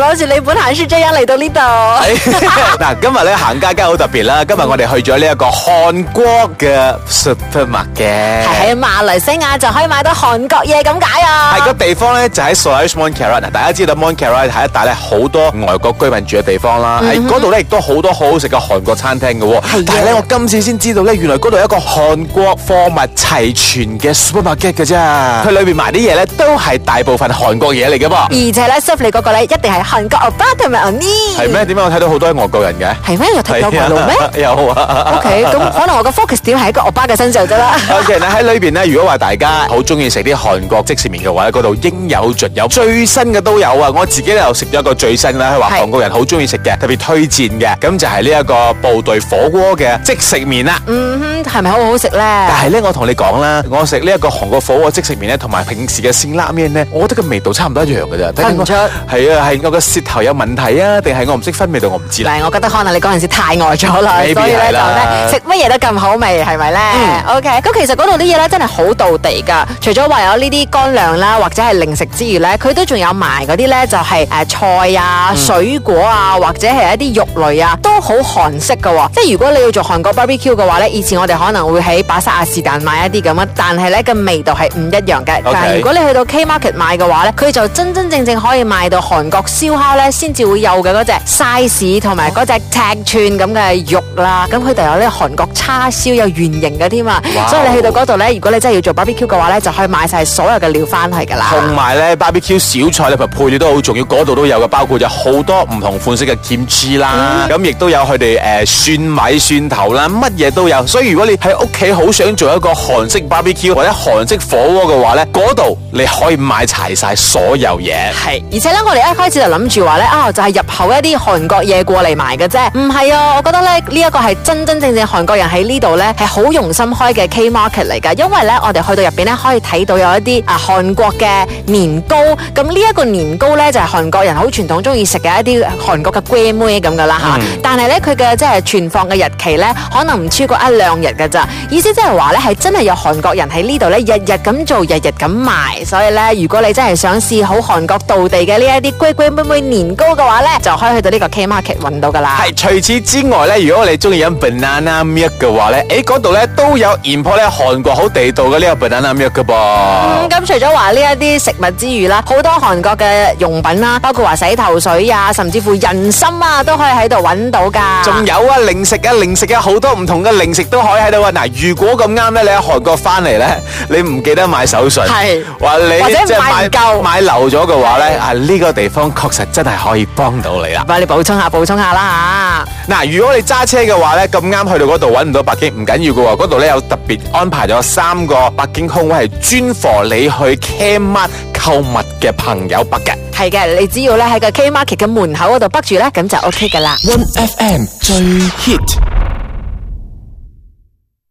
攞住你本行書籍，樣嚟到呢度。嗱，今日咧行街梗係好特別啦。今日我哋去咗呢一個韓國嘅 supermarket。喺馬來西亞就可以買到韓國嘢咁解啊？係個地方咧就喺 Solaris Mont Kiara。嗱，大家知道 Mont Kiara 係一帶咧好多外國居民住嘅地方啦。喺嗰度咧亦都好多好好食嘅韓國餐廳嘅喎。但係咧，我今次先知道咧，原來嗰度有一個韓國貨物齊全嘅 supermarket 嘅啫。佢裏邊賣啲嘢咧都係大部分韓國嘢嚟嘅噃。而且咧，serve 你嗰個咧一定係。韓國歐巴同埋歐尼係咩？點解我睇到好多係外國人嘅？係咩？又睇到外國咩？有啊。O K，咁可能我嘅 focus 點係喺個歐巴嘅身上啫啦。O K，你喺裏邊咧，如果話大家好中意食啲韓國即食麵嘅話，嗰度應有盡有，最新嘅都有啊！我自己又食咗一個最新啦，係話韓國人好中意食嘅，特別推薦嘅，咁就係呢一個部隊火鍋嘅即食麵啦。嗯哼，係咪好好食咧？但係咧，我同你講啦，我食呢一個韓國火鍋即食麵咧，同埋平時嘅鮮辣麵咧，我覺得個味道差唔多一樣嘅啫。分唔出係啊，係我。舌頭有問題啊？定係我唔識分味道，我唔知啦，但係、嗯。我覺得可能你嗰陣時太餓咗啦，所以咧就咧食乜嘢都咁好味，係咪咧？OK，咁其實嗰度啲嘢咧真係好道地噶。除咗話有呢啲乾糧啦，或者係零食之餘咧，佢都仲有埋嗰啲咧，就係、是、誒、呃、菜啊、水果啊，或者係一啲肉類啊，都好韓式噶、啊。即係如果你要做韓國 BBQ 嘅話咧，以前我哋可能會喺百色啊士但買一啲咁啊，但係咧個味道係唔一樣嘅。Okay. 但係如果你去到 K Market 買嘅話咧，佢就真真正，正正可以買到韓國燒烤咧，先至會有嘅嗰隻 size 同埋嗰隻尺寸咁嘅肉啦。咁佢哋有啲韓國叉燒，有圓形嘅添啊。Wow. 所以你去到嗰度咧，如果你真係要做 barbecue 嘅話咧，就可以買晒所有嘅料翻去噶啦。同埋咧，barbecue 小菜咧，佢配料都好重要，嗰度都有嘅，包括有好多唔同款式嘅 kimchi 啦。咁亦都有佢哋誒蒜米蒜頭啦，乜嘢都有。所以如果你喺屋企好想做一個韓式 barbecue 或者韓式火鍋嘅話咧，嗰度你可以買齊晒所有嘢。係是，而且咧，我哋一開始諗住話咧啊，就係入口一啲韓國嘢過嚟賣嘅啫，唔係啊！我覺得咧呢一個係真真正正韓國人喺呢度呢，係好用心開嘅 K market 嚟噶，因為呢，我哋去到入邊呢，可以睇到有一啲啊韓國嘅年糕，咁呢一個年糕呢，就係韓國人好傳統中意食嘅一啲韓國嘅龜妹咁噶啦吓，嗯、但係呢，佢嘅即係存放嘅日期呢，可能唔超過一兩日噶咋，意思即係話呢，係真係有韓國人喺呢度呢，日日咁做日日咁賣，所以呢，如果你真係想試好韓國道地嘅呢一啲龜龜。會唔會年糕嘅話咧，就可以去到呢個 K Market 揾到噶啦。係，除此之外咧，如果你中意飲 banana milk 嘅話咧，誒，嗰度咧都有研破咧韓國好地道嘅呢個 banana milk 噶噃。咁除咗話呢一啲食物之餘啦，好多韓國嘅用品啦，包括話洗頭水啊，甚至乎人參啊，都可以喺度揾到噶。仲有啊，零食啊，零食啊，好多唔同嘅零食都可以喺度。嗱，如果咁啱咧，你喺韓國翻嚟咧，你唔記得買手信，係話你或者買夠買漏咗嘅話咧，啊呢個地方。確實真係可以幫到你啦，幫你補充下補充下啦吓。嗱，如果你揸車嘅話咧，咁啱去到嗰度揾唔到北京唔緊要噶喎，嗰度咧有特別安排咗三個北京空位，係專 for 你去 K Market 購物嘅朋友 book 嘅。係嘅，你只要咧喺個 K Market 嘅門口嗰度 book 住咧，咁就 OK 噶啦。One FM 最 hit。